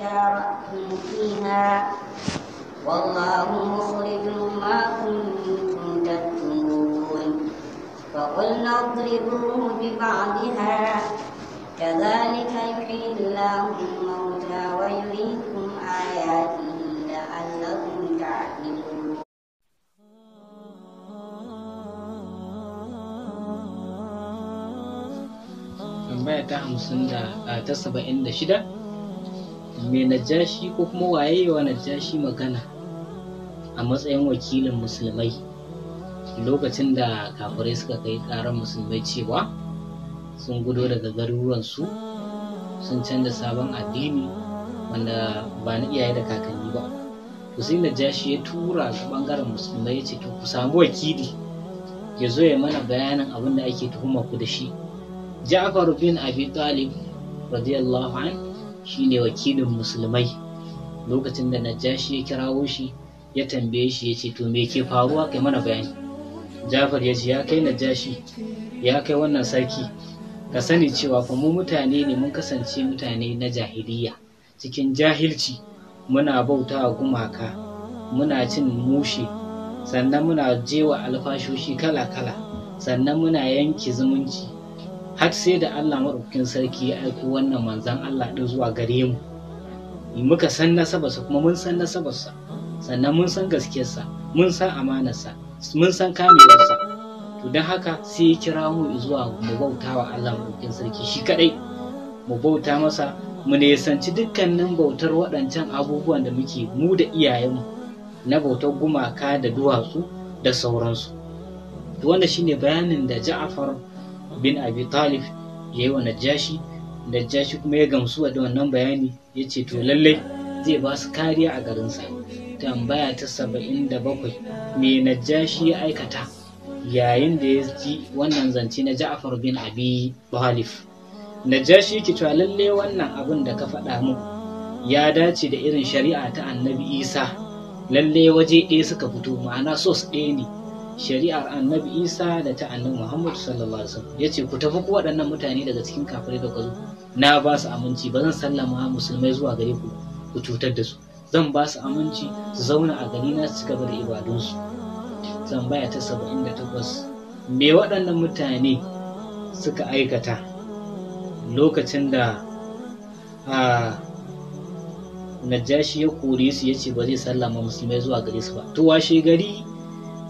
وادارأتم فيها والله مخرج ما كنتم تكتمون فقلنا اضربوه ببعضها كذلك يحيي الله الموتى ويريكم آياته لعلكم تعقلون tambaya ta hamsin da eh, ta saba'in da shida mai najashi ko kuma waye wa najashi magana a matsayin wakilin musulmai lokacin da kafirai suka kai karar musulmai cewa sun gudo daga garuruwansu sun canza sabon addini wanda ba na iyaye da kakanni ba sai najashi ya tura bangaren musulmai ya ku samu wakili ya zo ya mana bayanin abin da ake tuhuma ku da shi ja'far bin abi talib radiyallahu anhu Shi ne wakilin musulmai lokacin da najashi ya kirawo shi ya tambaye shi ya ce to me ke faruwa kai mana bayani jafar ya ce ya kai najashi ya kai wannan sarki ka sani cewa fa mu mutane ne mun kasance mutane na jahiliya cikin jahilci muna bauta wa gumaka muna cin mushe sannan muna jewa alfashoshi kala-kala sannan muna yanke zumunci har sai da Allah maɗaukakin sarki ya aiko wannan manzan Allah ɗin zuwa gare mu muka san nasabarsa kuma mun san nasabarsa sannan mun san gaskiyarsa mun san amanarsa mun san kamewarsa to don haka sai ya kira mu zuwa mu bauta wa Allah maɗaukakin sarki shi kaɗai mu bauta masa mu nisanci dukkanin bautar waɗancan abubuwan da muke mu da iyayenmu na bautar gumaka da duwatsu da sauransu to wannan shine bayanin da Ja'far bin abi talib ya yi wa najashi najashi kuma ya gamsu da wannan bayani ya ce to lallai zai ba su kariya a garinsa tambaya ta saba'in da bakwai me najashi ya aikata yayin da ya ji wannan zance na ja'afar bin abi talif najashi ce cewa lallai wannan abin da ka faɗa mu ya dace da irin shari'a ta annabi isa lallai waje ɗaya suka fito ma'ana sos ɗaya ne shari'ar annabi isa da ta annabi muhammad sallallahu alaihi wasallam yace ku tafi ku waɗannan mutane daga cikin kafirai da kwazo na ba su aminci ba zan sallama musulmai zuwa gare ku ku cutar da su zan ba su aminci su zauna a gari na su gaba da ibadunsu tambaya ta 78 me waɗannan mutane suka aikata lokacin da a najashi ya kore su ya ce ba zai sallama musulmai zuwa gare su ba to washe gari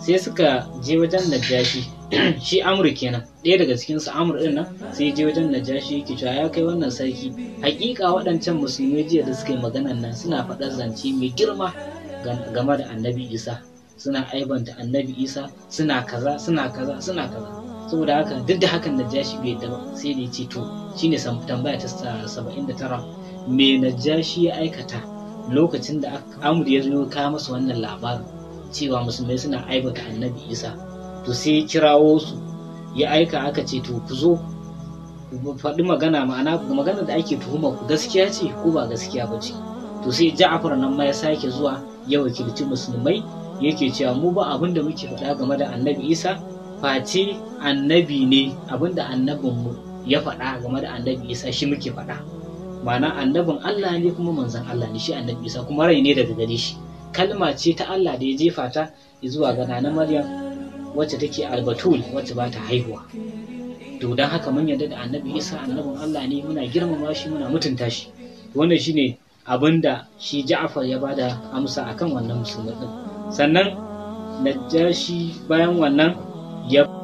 sai suka je wajen najashi shi amur kenan ɗaya daga cikin su amur din nan sai je wajen najashi yake cewa ya kai wannan sarki hakika waɗancan musulmai jiya da suka yi maganan nan suna faɗar zance mai girma game da annabi isa suna aibanta annabi isa suna kaza suna kaza suna kaza saboda haka duk da hakan najashi bai yadda sai da ya ce to shine tambaya ta saba'in da tara me najashi ya aikata lokacin da amur ya zo kawo masa wannan labarin cewa musulmai suna aibata annabi isa to sai ya kirawo su ya aika aka ce to ku zo ku faɗi magana ma'ana magana da ake tuhuma ku gaskiya ce ko ba gaskiya ba ce to sai ja'afar nan ma ya sake zuwa ya wakilci musulmai yake cewa mu ba abin da muke faɗa game da annabi isa face annabi ne abin da annabinmu ya faɗa game da annabi isa shi muke faɗa ma'ana annabin allah ne kuma manzan allah ne shi annabi isa kuma rai ne daga gare shi kalma ce ta Allah da ya jefa ta zuwa ga nana Maryam wacce take albatul wacce ba ta haihuwa to don haka mun yarda da annabi Isa annabin Allah ne muna girmama shi muna mutunta shi wannan shine abin da shi Ja'far ya bada amsa akan wannan musulmi sannan Najashi bayan wannan ya